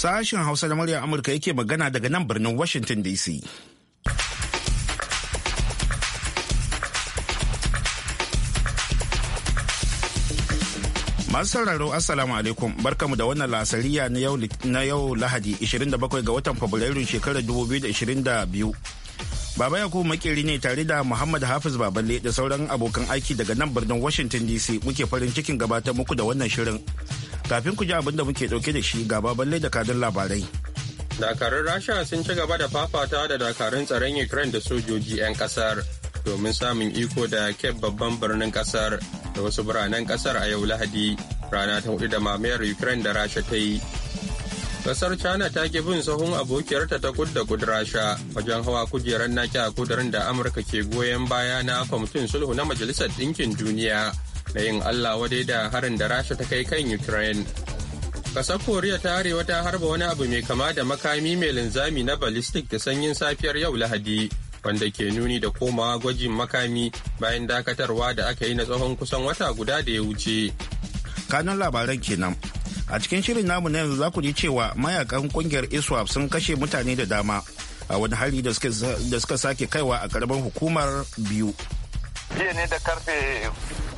Sashen Hausa da murya Amurka yake magana daga nan birnin Washington DC. Masu sauraro Assalamu alaikum barkamu da wannan lasariya na yau Lahadi 27 ga watan Fabrairu shekarar 2022. Baba Yakubu makeri ne tare da Muhammad Hafiz Baballe da sauran abokan aiki daga nan birnin Washington DC muke farin cikin gabatar muku da wannan shirin. Kafin ku ji abin da muke dauke da shi gaba balle da kadin labarai. Dakarun Rasha sun ci gaba da fafata da dakarun tsaron Ukraine da sojoji 'yan kasar domin samun iko da Kyiv babban birnin kasar da wasu biranen kasar a yau Lahadi rana ta hudu da mamayar Ukraine da Rasha ta yi. Kasar China ta ki bin sahun abokiyarta ta kud da kud Rasha wajen hawa kujerar naki a kudurin da Amurka ke goyon baya na kwamitin sulhu na Majalisar Ɗinkin Duniya. da yin Allah wadai da harin da Rasha ta kai kan Ukraine. Kasar Koriya ta Arewa ta harba wani abu mai kama da makami mai linzami na ballistic da sanyin safiyar yau Lahadi, wanda ke nuni da komawa gwajin makami bayan dakatarwa da aka yi na tsawon kusan wata guda da ya wuce. Kanun labaran kenan. A cikin shirin namu na yanzu za ku ji cewa mayakan kungiyar ISWAP sun kashe mutane da dama a wani hari da suka sake kaiwa a karɓar hukumar biyu. jiya ne da karfe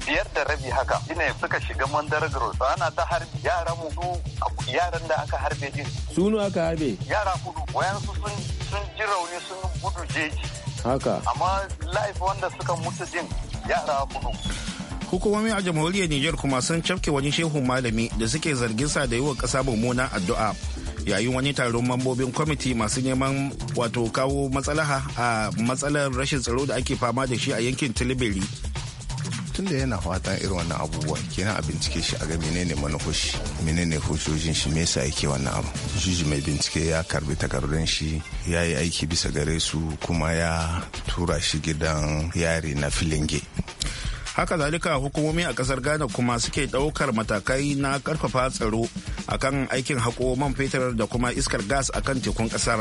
biyar da rabi haka shine suka shiga mandaragar su ana ta harbi yara mu yaran da aka harbe din sunu aka harbe yara hudu wayansu sun sun ji rauni sun gudu jeji haka amma life wanda suka mutu din yara hudu hukumomi a jamhuriyar nijar kuma sun cafke wani shehu malami da suke zargin sa da yi wa ƙasa mummunan addu'a yayin wani taron mambobin kwamiti masu neman wato kawo matsalaha a matsalar rashin tsaro da ake fama da shi a yankin tilibiri tun da yana fatan irin wannan abubuwa kenan a bincike shi a ga menene manufoshi menene hujjojin shi me yasa yake wannan abu juji mai bincike ya karbi takardun shi ya yi aiki bisa gare su kuma ya tura shi gidan yari na filinge haka zalika hukumomi a kasar ghana kuma suke daukar matakai na karfafa tsaro akan aikin haƙo man fetur da kuma iskar gas a kan tekun ƙasar.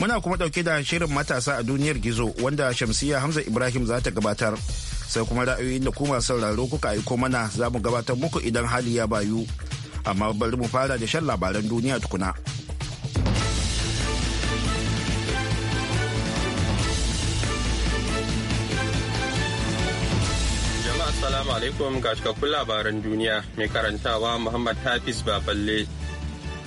Muna kuma ɗauke da shirin matasa a duniyar gizo wanda shamsiyya Hamza Ibrahim za ta gabatar. Sai kuma ra'ayoyin da kuma sauraro kuka aiko mana za mu gabatar muku idan hali ya bayu. Amma bari mu fara da shan labaran duniya tukuna. Assalamu alaikum ga cikakkun labaran duniya mai karantawa Muhammad tafis Baballe.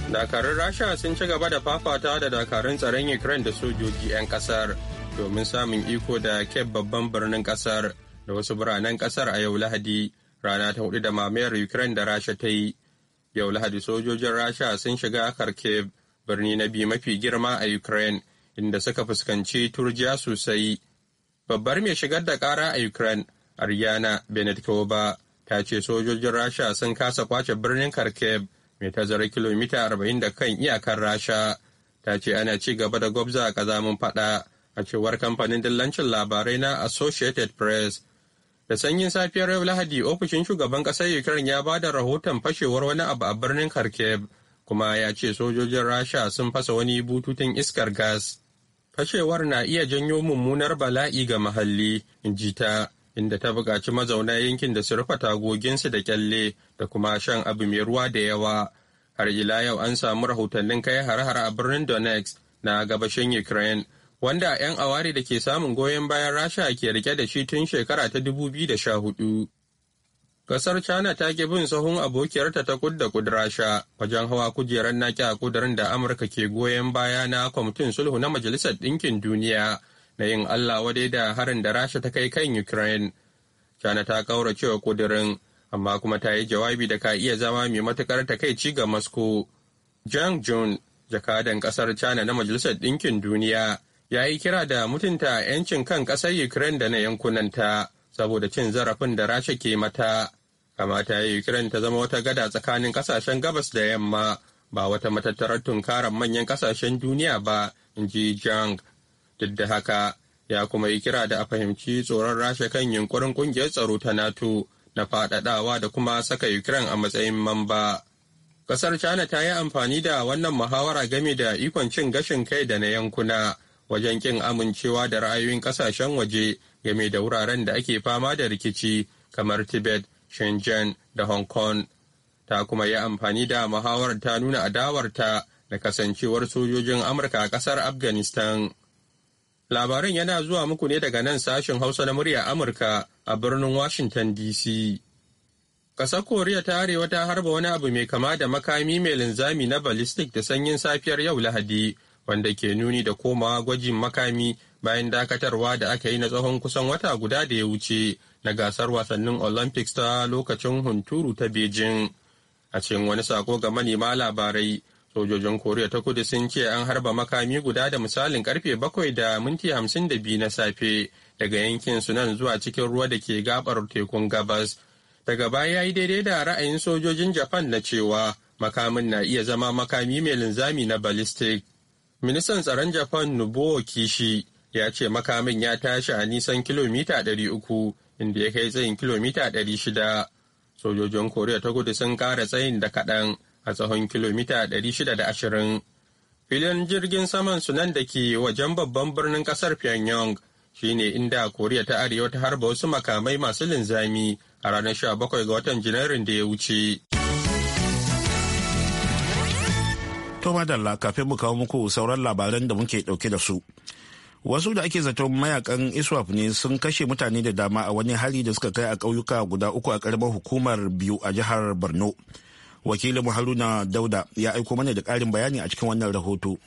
Dakarun Rasha sun ci gaba da fafata da dakarun tsaron Ukraine da sojoji 'yan kasar domin samun iko da ke babban birnin kasar da wasu biranen kasar a yau Lahadi rana ta hudu da mamayar Ukraine da Rasha ta yi. Yau Lahadi sojojin Rasha sun shiga Kharkiv birni na biyu mafi girma a Ukraine inda suka fuskanci turjiya sosai. Babbar mai shigar da kara a Ukraine Ariana Benetkova ta ce sojojin Rasha sun kasa kwace birnin Kharkiv mai tazarar kilomita arba'in da kan iyakar Rasha. Ta ce ana ci gaba da gwabza a kazamin fada a cewar kamfanin dillancin labarai na Associated Press. Da sanyin safiyar yau Lahadi, ofishin shugaban ƙasar Ukraine ya ba da rahoton fashewar wani abu a birnin Kharkiv, kuma ya ce sojojin Rasha sun fasa wani bututun iskar gas. Fashewar na iya janyo mummunar bala'i ga mahalli, in ji ta. inda ta buƙaci mazauna yankin da su rufe tagoginsu da kyalle da kuma shan abu mai ruwa da yawa har ila yau an samu rahotannin kai har-har a birnin donetsk na gabashin ukraine wanda 'yan awari da ke samun goyon bayan rasha ke rike da shi tun shekara ta 2014 Kasar China ta ki bin sahun abokiyarta ta kud da kud Rasha wajen hawa kujerar naki a kudurin da Amurka ke goyon baya na kwamitin sulhu na Majalisar Ɗinkin Duniya na yin Allah wadai da harin da Rasha ta kai kan Ukraine. China ta kaura cewa kudirin amma kuma ta yi jawabi da ka iya zama mai matukar takaici ga Moscow. Jiang Jun, jakadan kasar China na Majalisar Ɗinkin Duniya, ya yi kira da mutunta 'yancin kan ƙasar Ukraine da na yankunanta saboda cin zarafin da Rasha ke mata. Kamata ya Ukraine ta zama wata gada tsakanin ƙasashen gabas da yamma, ba wata matattarar tunkarar manyan ƙasashen duniya ba, in ji Jiang duk da haka ya kuma yi kira da a fahimci tsoron rasha kan yunkurin kungiyar tsaro ta nato na faɗaɗawa da kuma saka ukraine a matsayin mamba ƙasar china ta yi amfani da wannan muhawara game da ikon cin gashin kai da na yankuna wajen ƙin amincewa da ra'ayoyin ƙasashen waje game da wuraren da ake fama da rikici kamar tibet shenzhen da hong kong ta kuma yi amfani da muhawarar ta nuna adawarta da kasancewar sojojin amurka a ƙasar afghanistan Labarin yana zuwa muku ne daga nan sashen Hausa na murya Amurka a birnin Washington DC. Ƙasar Koriya ta Arewa ta harba wani abu mai kama da makami mai linzami na ballistic da sanyin safiyar yau Lahadi, wanda ke nuni da komawa gwajin makami bayan dakatarwa da aka yi na tsawon kusan wata guda da ya wuce na gasar wasannin Olympics ta lokacin hunturu ta Beijing. A cikin wani sako ga manema labarai, Sojojin Koriya ta kudu sun ce an harba makami guda da misalin karfe bakwai da minti hamsin da biyu na safe daga yankin Sunan zuwa cikin ruwa da ke gabar tekun gabas. Daga baya ya yi daidai da ra'ayin sojojin Japan na cewa makamin na iya zama makami mai linzami na ballistic. Ministan tsaron Japan Nubuo Kishi ya ce makamin ya tashi a nisan kilomita 300 inda ya kai tsayin kilomita 600. Sojojin Koriya ta kudu sun kara tsayin da kaɗan a tsawon kilomita 620. Filin jirgin saman sunan da ke wajen babban birnin kasar Pyongyang shine inda Koriya ta Arewa ta harba wasu makamai masu linzami a ranar 17 ga watan Janairun da ya wuce. To madalla kafin mu kawo muku sauran labaran da muke dauke da su. wasu da ake zaton mayakan iswap ne sun kashe mutane da dama a wani hali da suka kai a ƙauyuka guda uku a ƙaramar hukumar biyu a jihar borno wakilin haruna dauda ya aiko mana da ƙarin bayani a cikin wannan rahoto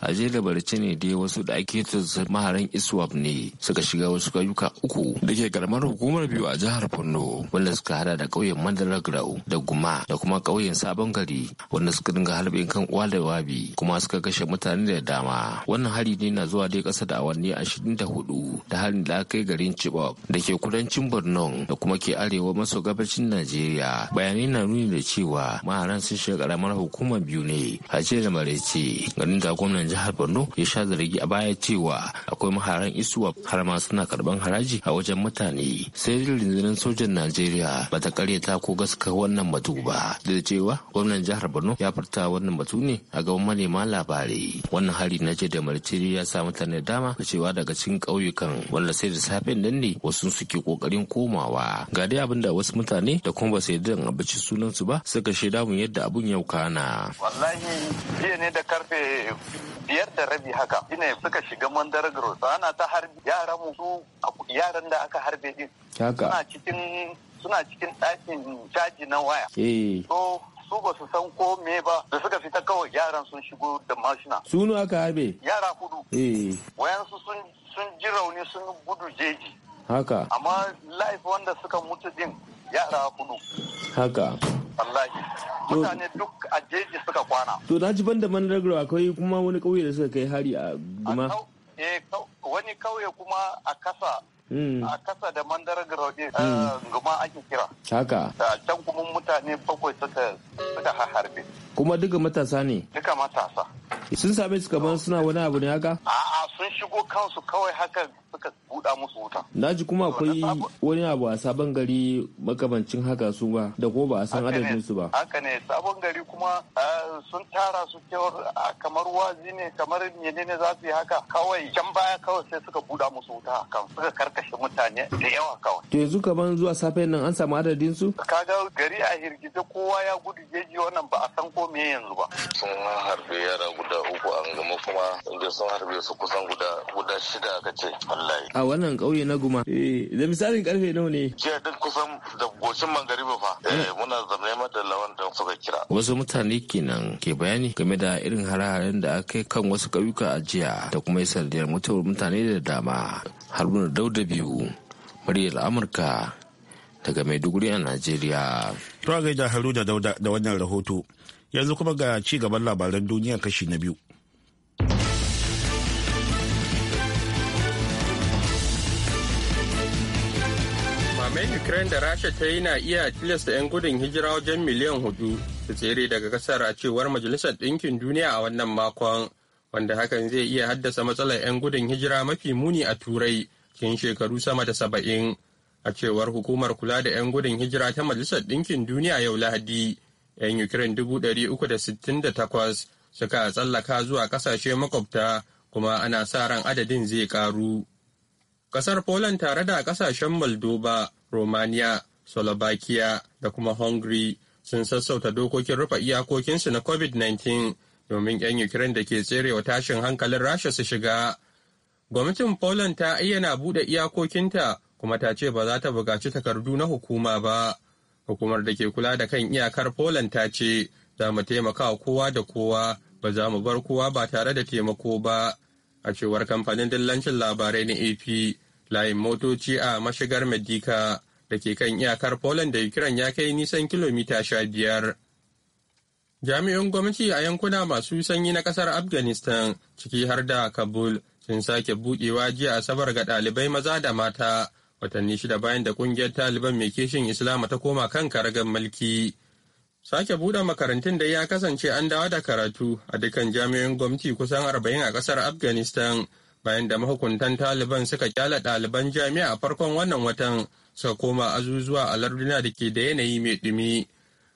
aje da barci ne dai wasu da ake maharan iswap ne suka shiga wasu kayuka uku da ke karamar hukumar biyu a jihar borno wanda suka hada da ƙauyen mandalagrau da guma da kuma kauyen sabon gari wanda suka dinga harbin kan uwa da wabi kuma suka kashe mutane da dama wannan hari ne na zuwa dai kasa da awanni ashirin da hudu da harin da aka yi garin chibok da ke kudancin borno da kuma ke arewa maso gabashin najeriya bayanai na nuni da cewa maharan sun shiga karamar hukumar biyu ne a ce da barci. garin da gwamnan gwamnan jihar borno ya sha zargi a baya cewa akwai maharan isuwa har ma suna karban haraji a wajen mutane sai rundunar sojan najeriya ba ta karyata ko gaska wannan batu ba da cewa gwamnan jihar borno ya furta wannan batu ne a gaban manema labarai wannan hari na je da martiri ya sa mutane dama da cewa daga cikin ƙauyukan wanda sai da safen nan ne wasu suke kokarin komawa ga dai abin da wasu mutane da kuma ba su yarda a bici sunansu ba suka shaida mun yadda abun yau kana wallahi jiya ne da karfe biyar da rabi haka shine suka shiga mandara gross ana ta harbi yaran mu su yaran da aka harbe din suna cikin suna cikin ɗakin caji na waya so su ba su san ko me ba da suka fita kawai yaran sun shigo da mashina sunu aka harbe yara hudu eh. wayansu sun sun ji rauni sun gudu jeji haka amma life wanda suka mutu din yara hudu haka wallahi mutane duk a jeji suka kwana to na ji banda mandargaro akwai kuma wani kauye da suka kai hari a guma eh, wani kauye kuma a kasa Hmm. a kasa da mandara garauɗe hmm. eh, guma ake kira haka can kuma mutane bakwai suka suka harbe kuma duka matasa ne duka matasa sun same su kamar suna wani abu ne haka a'a sun shigo kansu kawai haka suka buɗa musu wuta na ji kuma akwai wani abu a sabon gari makamancin haka su ba da ko ba a san adadin su ba haka ne sabon gari kuma eh, sun tara su cewar kamar wazi ne kamar menene za su yi haka kawai can baya kawai sai suka buɗa musu wuta kan suka kashe mutane da yawa kawai. To yanzu kaman zuwa safe nan an samu adadin su? Kaga gari a hirgize kowa ya gudu jeji wannan ba a san ko me yanzu ba. Sun harbe yara guda uku an gama kuma inda sun harbe su kusan guda guda shida aka ce wallahi. A wannan ƙauye na guma. Eh da misalin karfe nawa ne? Jiya duk kusan da gocin ba fa. Eh, eh. muna zama da lawan dan suka kira. Wasu mutane kenan ke bayani game da irin hare-haren da aka kan wasu ƙauyuka a jiya da kuma isar da mutuwar mutane da dama. Haruna Dauda biyu muryar Amurka daga Maiduguri a Najeriya. tuwa a gaida Haruna Dauda da wannan rahoto yanzu kuma ga ci gaban labaran duniya kashi na biyu. Mamayin Ukraine da Rasha ta yi na iya tilasta 'yan gudun hijira wajen miliyan hudu su tsere daga kasar a cewar Majalisar Ɗinkin Duniya a wannan makon, wanda hakan zai iya haddasa matsalar 'yan gudun hijira mafi muni a Turai cikin shekaru sama da saba'in a cewar hukumar kula da 'yan gudun hijira ta majalisar ɗinkin duniya yau lahadi 'yan ukraine dubu ɗari uku da sittin da takwas suka tsallaka zuwa ƙasashe makwabta kuma ana sa ran adadin zai ƙaru ƙasar poland tare da ƙasashen moldova romania slovakia da kuma hungary sun sassauta dokokin rufe iyakokinsu na covid-19 domin 'yan ukraine da ke tserewa tashin hankalin rasha su shiga Gwamnatin Poland ta ayyana buɗe iyakokinta kuma ta ce ba za ta buƙaci takardu na hukuma ba. Hukumar da ke kula da kan iyakar Poland ta ce za mu taimaka kowa da kowa ba za mu bar kowa ba tare da taimako ba. A cewar kamfanin dillancin labarai na AP layin motoci a mashigar Medika da ke kan iyakar Poland da Ukraine ya kai nisan kilomita sha biyar. jami'in gwamnati a yankuna masu sanyi na kasar Afghanistan ciki har da Kabul sun sake buɗewa jiya asabar ga ɗalibai maza da mata watanni shida bayan da ƙungiyar taliban mai kishin islama ta koma kan karagar mulki sake buɗe makarantun da ya kasance an dawo da karatu a dukkan jami'o'in gwamnati kusan arba'in a ƙasar afghanistan bayan da mahukuntan taliban suka kyala ɗaliban jami'a a farkon wannan watan suka koma azuzuwa a larduna da ke da yanayi mai ɗumi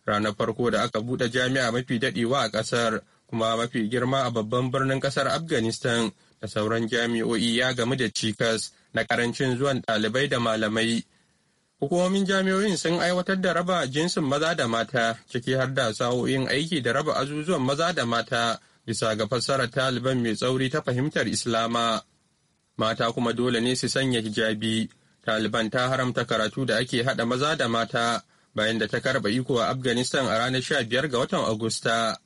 ranar farko da aka buɗe jami'a mafi daɗewa a ƙasar kuma mafi girma a babban birnin ƙasar afghanistan da sauran jami'o'i ya gamu da cikas na karancin zuwan ɗalibai da malamai. Hukumomin jami'o'in sun aiwatar da raba jinsin maza da mata ciki har da sa'o'in aiki da raba azuzuwan maza da mata bisa ga fassarar taliban mai tsauri ta fahimtar Islama. Mata kuma dole ne su sanya hijabi. Taliban ta haramta karatu da ake haɗa maza da mata bayan da ta karɓa iko a Afghanistan a ranar 15 ga watan Agusta.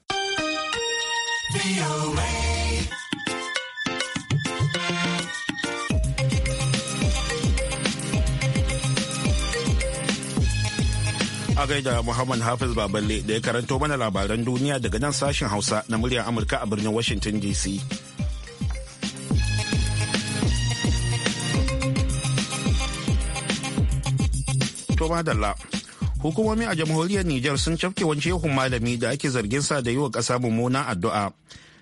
a gaida Muhammad Hafiz Baballe da ya karanto mana labaran duniya daga nan sashen Hausa na muryar Amurka a birnin Washington DC. To madalla. Hukumomi a jamhuriyar Nijar sun cafke wani shehun malami da ake zargin sa da yi wa ƙasa mummunan addu'a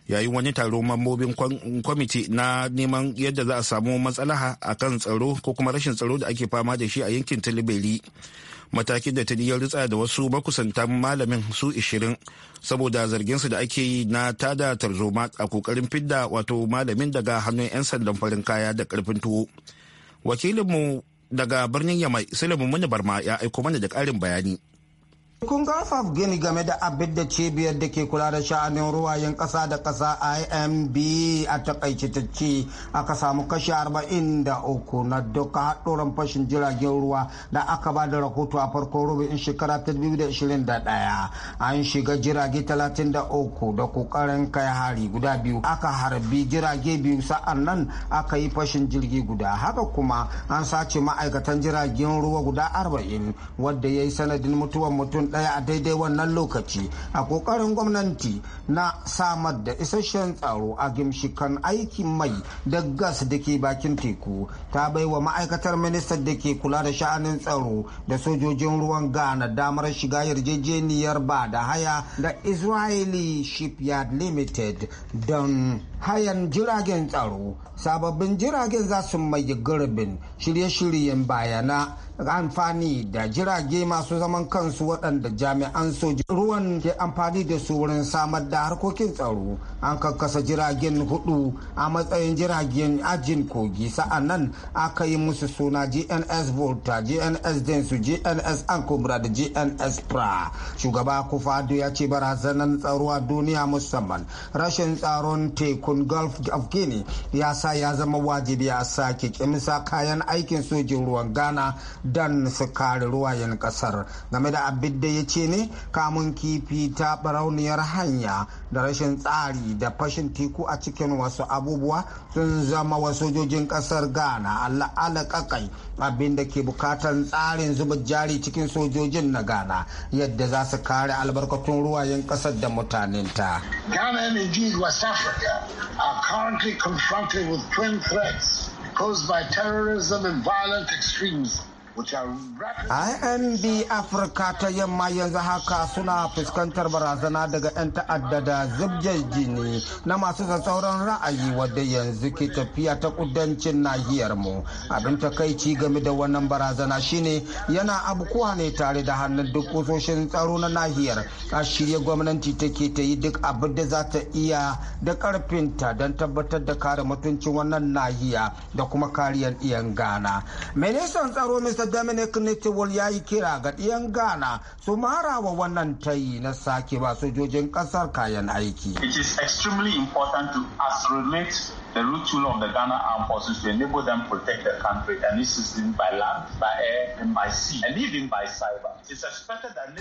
yayin wani taron mambobin kwamiti na neman yadda za a samu matsalaha a kan tsaro ko kuma rashin tsaro da ake fama da shi a yankin talibeli matakin da tuni ya ritsa da wasu makusantan malamin su 20 saboda zarginsu da ake yi na tada tarzoma a kokarin fidda wato malamin daga hannun 'yan sandan farin kaya da karfin tuwo wakilinmu daga birnin yamai sulaiman muni barma ya aiko mana da karin bayani Kun gafa gini game da abin da cibiyar da ke kula da sha'anin ruwayen kasa da kasa IMB a takaici ta ce aka samu kashi 43 na duka haɗuran fashin jiragen ruwa da aka ba da rahoto a farkon rubin shekara ta 2021. An shiga jirage 33 da ƙoƙarin kai hari guda biyu. Aka harbi jirage biyu sa'an nan aka yi fashin jirgi guda. Haka kuma an sace ma'aikatan jiragen ruwa guda arba'in wadda ya yi sanadin mutuwar mutum daya ɗaya a daidai wannan lokaci a kokarin gwamnati na samar da isasshen tsaro a gimshikan aikin mai da gas da ke bakin teku ta baiwa ma'aikatar ministan da ke kula da sha'anin tsaro da sojojin ruwan ghana damar shiga yarjejeniyar ba da haya da israeli shipyard limited don hayan jiragen tsaro sababbin jiragen za su mai gurbin shirye-shiryen bayana amfani da jirage masu zaman kansu waɗanda jami'an soji ruwan ke amfani da su wurin samar da harkokin tsaro an kakkasa jiragen hudu a matsayin jiragen ajin kogi nan aka yi musu suna gns volta gns densu gns ankobra da gns pra shugaba kufado ya ce barazanar tsaro a duniya musamman rashin tsaron tekun gulf of guinea ya sa ya zama wajibi a sake kimsa kayan aikin sojin ruwan ghana dan su kare ruwayen kasar game da abin da ya ce ne kamun kifi ta barauniyar hanya da rashin tsari da fashin teku a cikin wasu abubuwa sun zama wa sojojin kasar ghana ala'ala kakai abin da ke bukatar tsarin zuba jari cikin sojojin na ghana yadda za su kare albarkatun ruwayen kasar da mutanen ta. and with twin threats caused by terrorism and violent extremism IMB Afirka ta yamma yanzu haka suna fuskantar barazana daga 'yan ta'adda da zubjar jini na masu tsatsauran ra'ayi wadda yanzu ke tafiya ta kudancin nahiyar mu. Abin takaici game da wannan barazana shine yana abukuwa ne tare da hannun duk kusoshin tsaro na nahiyar. A shirya gwamnati take ta yi duk abin da za ta iya da karfinta don tabbatar da kare mutuncin wannan nahiya da kuma kariyar iyan Ghana. Ministan tsaro Mr. dominic nichewol ya yi kira ga ɗiyan ghana su mara wa wannan tayi na sake ba sojojin ƙasar kayan aiki it is extremely important to as relate the rule tool of the Ghana Armed Forces to enable them protect the country and its citizens by land, by air, and by sea, and even by cyber.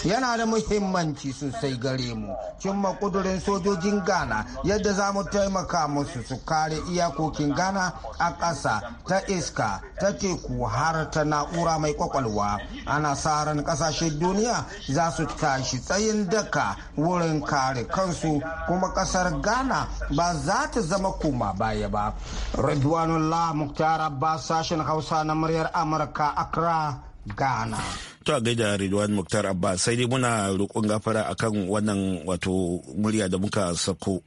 Yana da muhimmanci sosai gare mu, cimma kudurin sojojin Ghana yadda za mu taimaka musu su kare iyakokin Ghana a ƙasa ta iska ta teku har ta na'ura mai kwakwalwa. Ana sa ran ƙasashen duniya za su tashi tsayin daka wurin kare kansu kuma ƙasar Ghana ba za ta zama koma baya. baya ba Muktar Abbas sashen Hausa na muryar Amurka Accra Ghana. To a gaida Ridwan Muktar Abbas sai dai muna roƙon gafara akan wannan wato murya da muka sako.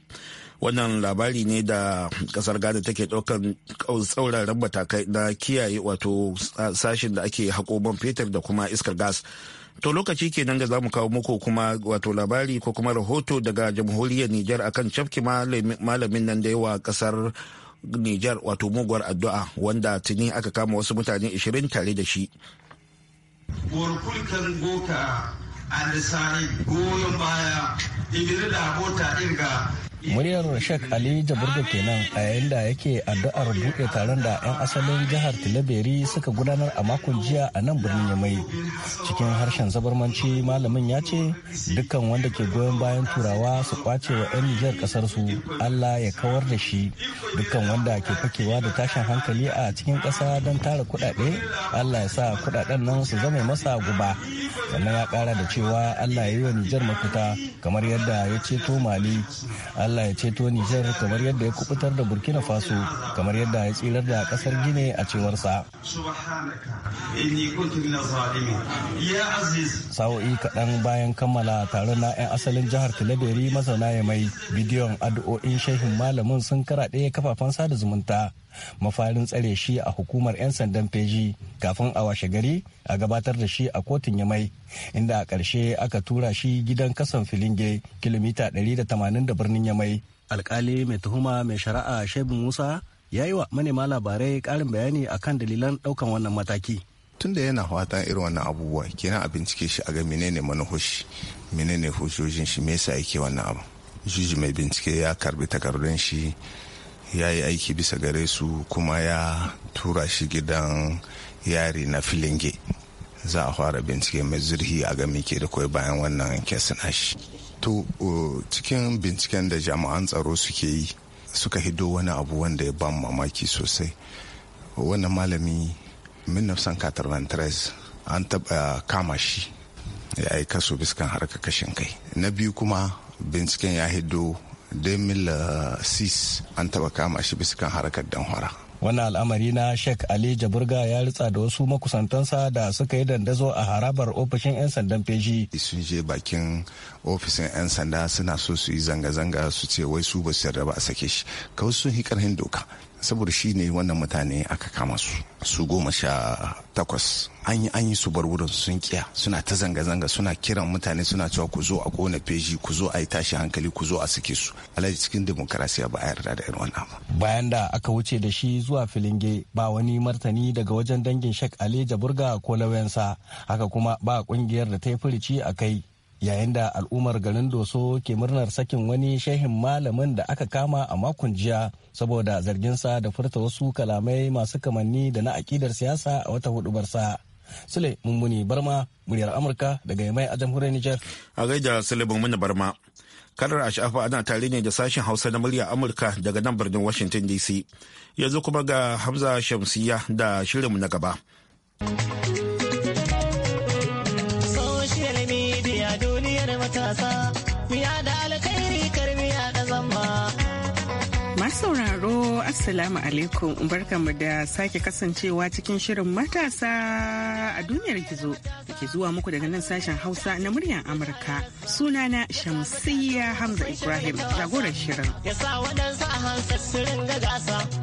wannan labari ne da kasar ghana take daukan tsauraran matakai na kiyaye wato sashin da ake hako man fetur da kuma iskar gas to lokaci kenan da za mu kawo muku kuma wato labari ko kuma rahoto daga jamhuriyar niger akan cafki malamin nan da yawa kasar niger wato muguwar addu'a wanda tuni aka kama wasu mutane 20 tare da shi goyon baya da abota muryar shek ali jaburga kenan a yayin da yake addu'ar buɗe taron da 'yan asalin jihar tilaberi suka gudanar a makon jiya a nan birnin yamai cikin harshen zabarmanci malamin ya ce dukkan wanda ke goyon bayan turawa su kwace wa 'yan nijar kasar su allah ya kawar da shi dukkan wanda ke fakewa da tashin hankali a cikin ƙasa don tara kuɗaɗe allah ya sa kuɗaɗen nan su zama masa guba sannan ya ƙara da cewa allah ya yi wa nijar mafita kamar yadda ya ceto mali Allah ya ceto Nijar kamar yadda ya kubutar da Burkina Faso kamar yadda ya tsirar da kasar Gine a cewarsa. Sa'o'i kaɗan bayan kammala taron na 'yan asalin jihar Tilaberi masana ya mai bidiyon addu'o'in shehin malamin sun karaɗe kafafen sada zumunta mafarin tsare shi a hukumar 'yan sandan feji kafin a washe gari a gabatar da shi a kotun yamai inda a ƙarshe aka tura shi gidan kasan filinge kilomita 180 da birnin yamai alkali mai tuhuma mai shari'a shebin musa ya yi wa manema labarai ƙarin bayani a kan dalilan ɗaukan wannan mataki tun da yana fatan irin wannan abubuwa kenan a bincike shi a ga menene manahoshi menene hujjojin shi me yasa yake wannan abu juji mai bincike ya karbi takardun shi ya yi aiki bisa gare su kuma ya tura shi gidan yari na filinge za a fara bincike mai zurhi a game ke da kawai bayan wannan kesin ashi to cikin binciken da jama'an tsaro suke yi suka hido wani abu wanda ya ban mamaki sosai wannan malami minnafsan katarvantres an taɓa kama shi ya yi kaso biskan harka kashin kai na biyu kuma binciken ya hido 2006 an taba kama shi bisa kan harkar hora wannan al'amari na shek ali jaburga ya ritsa da wasu makusantansa da suka yi dandazo a harabar ofishin 'yan sandan feji sun je bakin ofishin 'yan sanda suna so su yi zanga-zanga su ce wai su ba su yarda ba a sake shi kawai sun hikar hin doka saboda shi ne wannan mutane aka kama su su goma sha takwas an yi an yi su bar wurin sun kiya suna ta zanga-zanga suna kiran mutane suna cewa ku zo a kona feji ku zo a yi tashi hankali ku zo a sake su alhaji cikin demokarasiya ba a yarda da irin wannan ba bayan da aka wuce da shi zuwa filinge ba wani martani daga wajen dangin shek ali jaburga ko lauyansa haka kuma ba kungiyar da ta yi furici a kai yayin da al'ummar garin doso ke murnar sakin wani shehin malamin da aka kama a makon jiya saboda zarginsa da furta wasu kalamai masu kamanni da na akidar siyasa a wata hudubarsa sule mummuni barma muryar amurka daga yamai a jamhuriyar nijar a gaida sule mummuni barma kalar a sha'afa ana tare ne da sashen hausa na muryar amurka daga nan birnin washington dc yanzu kuma ga hamza shamsiya da shirinmu na gaba. sauraro Assalamu alaikum barkanmu da sake kasancewa cikin shirin matasa a duniyar gizo da ke zuwa muku daga nan sashen Hausa na muryar Amurka. Sunana Shamsiyya Hamza Ibrahim jagorar shirin. gasa.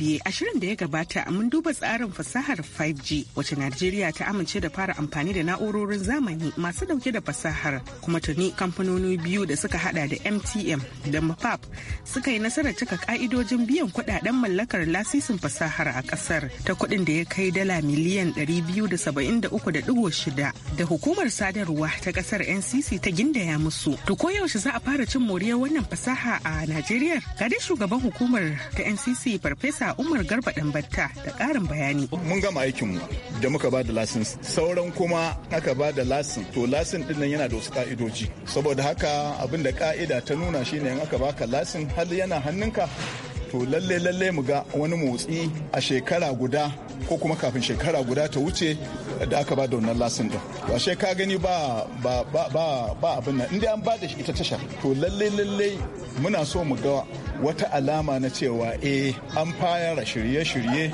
biye a shirin da ya gabata mun duba tsarin fasahar 5G wacce Najeriya ta amince da fara amfani da na'urorin zamani masu dauke da fasahar kuma tuni kamfanoni biyu da suka hada da MTM da mapap suka yi nasarar cika ka'idojin biyan kudaden mallakar lasisin fasahar a kasar ta kudin da ya kai dala miliyan 273.6 da hukumar sadarwa ta kasar NCC ta gindaya musu. To ko yaushe za a fara cin moriyar wannan fasaha a Najeriya? Ga shugaban hukumar ta NCC Farfesa a Umar Garba Dambatta da ƙarin bayani. Mun gama aikinmu da muka ba da lasin sauran kuma aka ba da lasin to lasin din nan yana da wasu ka'idoji saboda haka abin da ka'ida ta nuna shine in aka baka lasin hali yana hannunka to lalle lalle mu ga wani motsi a shekara guda ko kuma kafin shekara guda ta wuce da aka ba da wannan lasin din to ashe ka gani ba ba ba ba abin nan inda an ba da ita tasha to lalle lalle muna so mu ga wata alama na cewa eh an fara shirye-shirye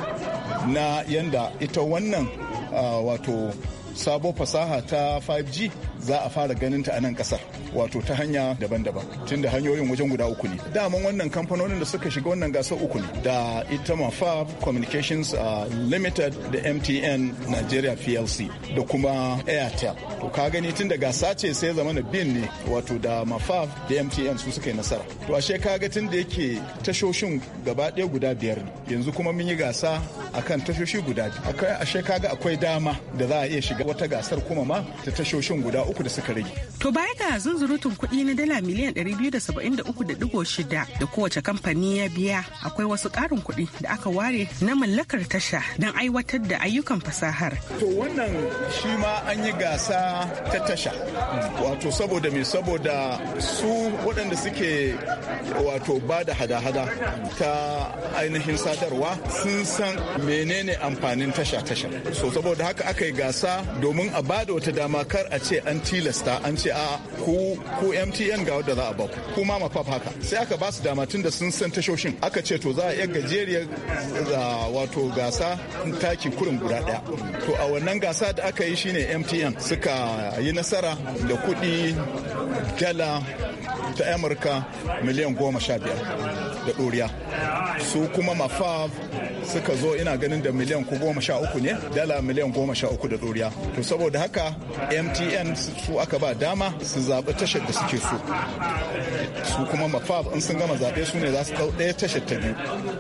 na yanda ita wannan ah, wato sabo fasaha ta 5G za a fara ganin ta a nan kasar wato ta hanya daban-daban tunda hanyoyin wajen guda uku ne daman wannan kamfanonin da suka shiga wannan gasar uku ne da ita mafa communications uh, limited da mtn nigeria plc da kuma airtel to ka gani tun da gasa ce sai zama na bin ne wato da mafa da mtn su suka yi nasara to ashe ka ga tun da yake tashoshin gaba ɗaya guda biyar ne yanzu kuma mun yi gasa akan tashoshi guda akwai ashe ka ga akwai dama da za a iya shiga wata gasar kuma ma ta tashoshin guda uku uku da suka rage. To baya ga zunzurutun kuɗi na dala miliyan 273.6 da kowace kamfani ya biya akwai wasu ƙarin kuɗi da aka ware na mallakar tasha don aiwatar da ayyukan fasahar. To wannan shi ma an yi gasa ta tasha. Wato saboda me saboda su waɗanda suke wato ba da hada-hada ta ainihin sadarwa sun san menene amfanin tasha-tasha. So saboda haka aka yi gasa domin a bada wata dama kar a ce an tilasta an ce a ku MTN ga wadda za a ba ku ma mafaf haka sai aka ba su dama tun da sun san tashoshin aka ce to za a iya gajeriyar wato gasa taki kurin guda daya to a wannan gasa da aka yi shine MTN suka yi nasara da kudi dala ta Amurka miliyan goma sha biyar da ɗoriya su kuma mafav suka zo ina ganin da miliyan ku goma sha uku ne dala miliyan goma sha uku da ɗoriya to saboda haka mtn su aka ba dama su zaɓi tashar da suke so su kuma mafav in sun gama zaɓe su ne za su ɗau ɗaya tashar ta biyu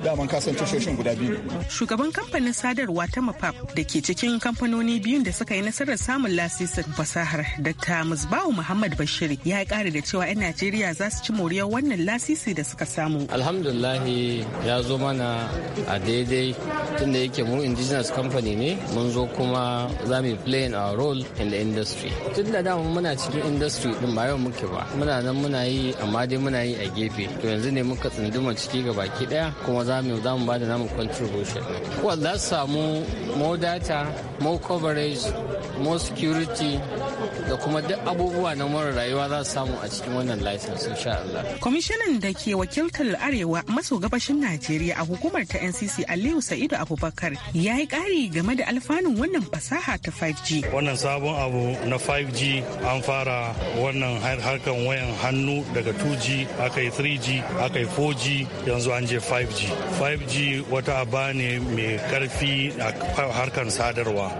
daman kasan tashoshin guda biyu shugaban kamfanin sadarwa ta mafav da ke cikin kamfanoni biyun da suka yi nasarar samun lasisin fasahar dr musbahu muhammad bashir ya kare da cewa 'yan najeriya za su ci moriyar wannan lasisi da suka samu alhamdulillahi ya zo mana a daidai tunda yake mu indigenous company ne mun zo kuma za mu play in our role in the industry tun da dama muna cikin industry din ba yau muke ba muna nan muna yi amma dai muna yi a gefe to yanzu ne muka tsunduma ciki ga baki daya kuma za mu za mu ba da namu contribution well za su samu more data more coverage more security da kuma duk abubuwa na mara rayuwa za su samu a cikin wannan license insha Allah. Kwamishinan da ke wakiltar Arewa maso gabashin Najeriya a hukumar ta NCC Aliyu Sa'idu Abubakar ya yi ƙari game da alfanun wannan fasaha ta 5G. Wannan sabon abu na 5G an fara wannan harkan wayan hannu daga 2G aka yi 3G aka yi 4G yanzu an je 5G. 5G wata aba ne mai karfi a harkar sadarwa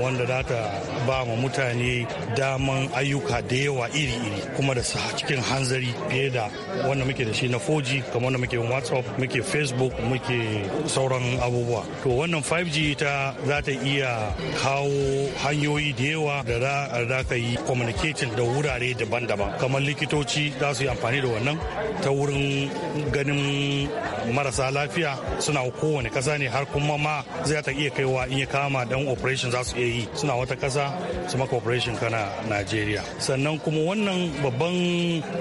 wanda za ta ba ma mutane daman ayyuka da yawa iri-iri kuma da sa cikin hanzari fiye da wanda muke da shi na 4G kamar wanda muke WhatsApp muke Facebook muke sauran abubuwa to wannan 5G ta za ta iya kawo hanyoyi da yawa da za ka yi communicating da wurare daban-daban kamar likitoci za su yi amfani da wannan ta wurin ganin marasa lafiya suna kowane kasa ne har kuma ma zai ta iya kaiwa in ya kama dan operation za su iya yi suna wata kasa su maka operation kana najeriya sannan kuma wannan babban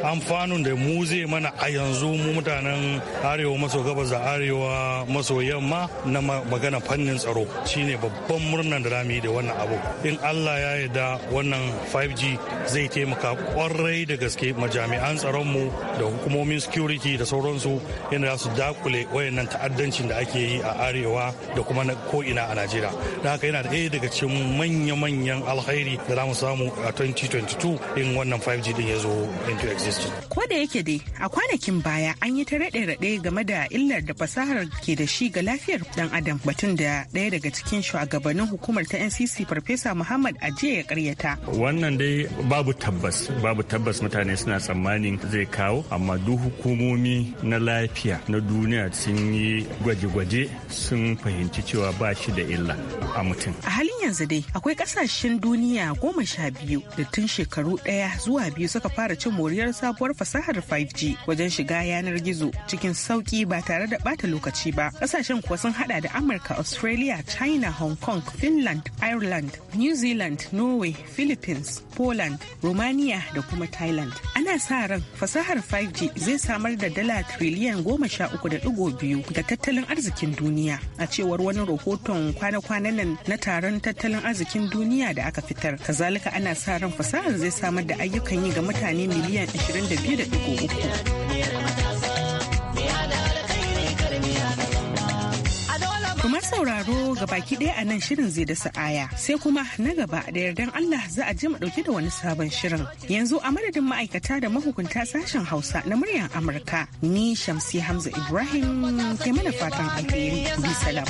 amfanin da mu zai mana a yanzu mu mutanen arewa maso gabas da arewa maso yamma na magana fannin tsaro shine babban murnan da yi da wannan abu in allah ya yarda wannan 5g zai taimaka kwarai da gaske majami'an tsaronmu da hukumomin security da sauransu yana za su dakule wayannan ta'addancin da ake yi a arewa da kuma na ko'ina a najeriya da haka yana ɗaya daga cikin manya-manyan alkhairi da za mu samu a 2022 in wannan 5G din ya zo into existence. Ko da yake dai a kwanakin baya an yi ta raɗe-raɗe game da illar da fasahar ke da shi ga lafiyar dan adam batun da daya daga cikin shugabannin hukumar ta NCC Farfesa Muhammad Ajiye ya karyata. Wannan dai babu tabbas babu tabbas mutane suna tsammanin zai kawo amma duk hukumomi na lafiya na duniya sun yi gwaje-gwaje sun fahimci cewa ba shi da illa a mutum. A halin yanzu dai akwai kasashen duniya goma sha biyu biyu da tun shekaru ɗaya zuwa biyu suka fara cin moriyar sabuwar fasahar 5G wajen shiga yanar gizo cikin sauƙi ba tare da bata lokaci ba. Ƙasashen kuwa sun hada da Amurka, Australia, China, Hong Kong, Finland, Ireland, New Zealand, Norway, Philippines, Poland, Romania da kuma Thailand. Ana sa ran fasahar 5G zai samar da dala triliyan goma sha uku da digo biyu ga tattalin arzikin duniya a cewar wani rahoton kwana-kwanan nan na taron tattalin arzikin duniya da aka fitar. Kazalika ana sa ran fasahar zai samar da ayyukan yi ga mutane miliyan 22.3. sauraro ga baki ɗaya a nan shirin zai da sa'aya sai kuma na gaba da yardan Allah za a je mu ɗauke da wani sabon shirin. Yanzu a madadin ma'aikata da mahukunta sashen Hausa na muryar Amurka ni Shamsi Hamza Ibrahim kai mana fatan alheri. Bi salam.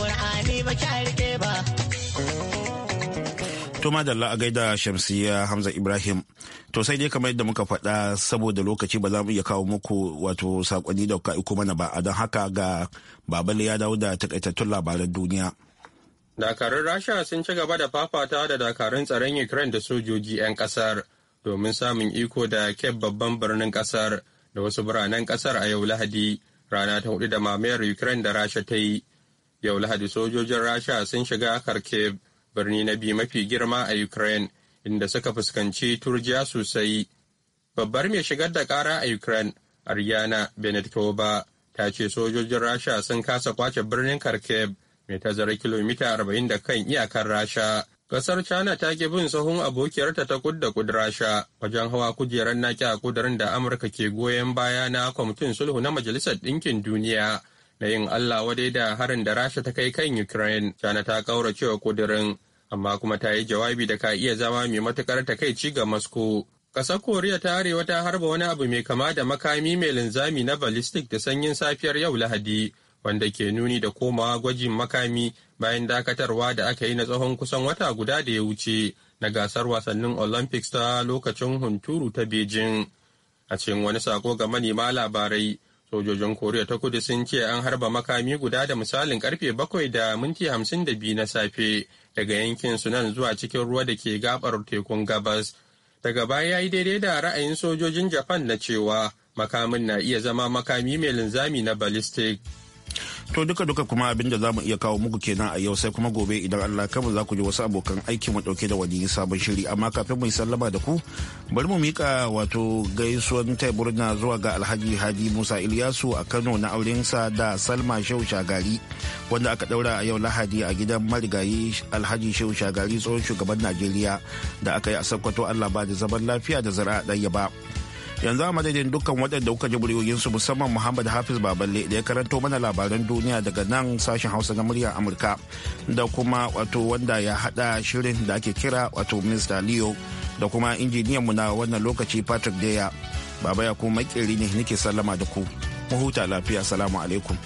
To madalla a gaida Shamsiyya Hamza Ibrahim. To sai dai kamar yadda muka faɗa saboda lokaci ba za mu iya kawo muku wato sakonni da ka iko mana ba a don haka ga babal ya dawo da takaitattun labaran duniya. Dakarun Rasha sun ci gaba da fafata da dakarun tsaron Ukraine da sojoji 'yan kasar domin samun iko da ke babban birnin kasar da wasu biranen kasar a yau Lahadi rana ta hudu da mamayar Ukraine da Rasha ta yi. Yau Lahadi sojojin Rasha sun shiga Kharkiv birni na biyu mafi girma a Ukraine, inda suka fuskanci turjiya sosai. Babbar mai shigar da kara a Ukraine, Ariana Benetkova, ta ce sojojin Rasha sun kasa kwace birnin Kharkiv mai tazara kilomita arba'in da kan iyakar Rasha. Kasar China ta ki bin sahun abokiyarta ta kud da kud Rasha wajen hawa kujerar naki a kudurin da Amurka ke goyon baya na kwamitin sulhu na Majalisar Ɗinkin Duniya. na yin Allah wadai da harin da Rasha ta kai kan Ukraine, China ta kaura cewa kudurin amma kuma ta yi jawabi da ka iya zama mai matukar takaici ga Moscow. Ƙasar Koriya ta Arewa ta harba wani abu mai kama da makami mai linzami na ballistic da sanyin safiyar yau Lahadi, wanda ke nuni da komawa gwajin makami bayan dakatarwa da aka yi na tsawon kusan wata guda da ya wuce na gasar wasannin Olympics ta lokacin hunturu ta Beijing. A cikin wani sako ga manema labarai, Sojojin Koriya ta kudu sun ce an harba makami guda da misalin karfe bakwai da minti hamsin da biyu na safe daga yankin nan zuwa cikin ruwa da ke gabar tekun gabas. Daga baya ya yi daidai da ra'ayin sojojin Japan na cewa makamin na iya zama makami mai linzami na balistik. To duka duka kuma abin da za mu iya kawo muku kenan a yau sai kuma gobe idan Allah kama za ku ji wasu abokan aiki mu dauke da wani sabon shiri amma kafin mu yi sallama da ku bari mu mika wato gaisuwan ta burna zuwa ga Alhaji hadi Musa Ilyasu a Kano na auren sa da Salma Shehu Shagari wanda aka daura a yau Lahadi a gidan marigayi Alhaji Shehu Shagari tsohon shugaban Najeriya da aka yi a Sokoto Allah ba da zaman lafiya da zara ɗaya ba. yanzu a madadin dukkan waɗanda kuka ji muryoyinsu musamman muhammad hafiz baballe da ya karanto mana labaran duniya daga nan sashen hausa na muryar amurka da kuma wato wanda ya haɗa shirin da ake kira wato mr leo da kuma injiniyanmu na wannan lokaci patrick deya baba ya kuma makeri ne nake sallama da ku mu huta lafiya salamu alaikum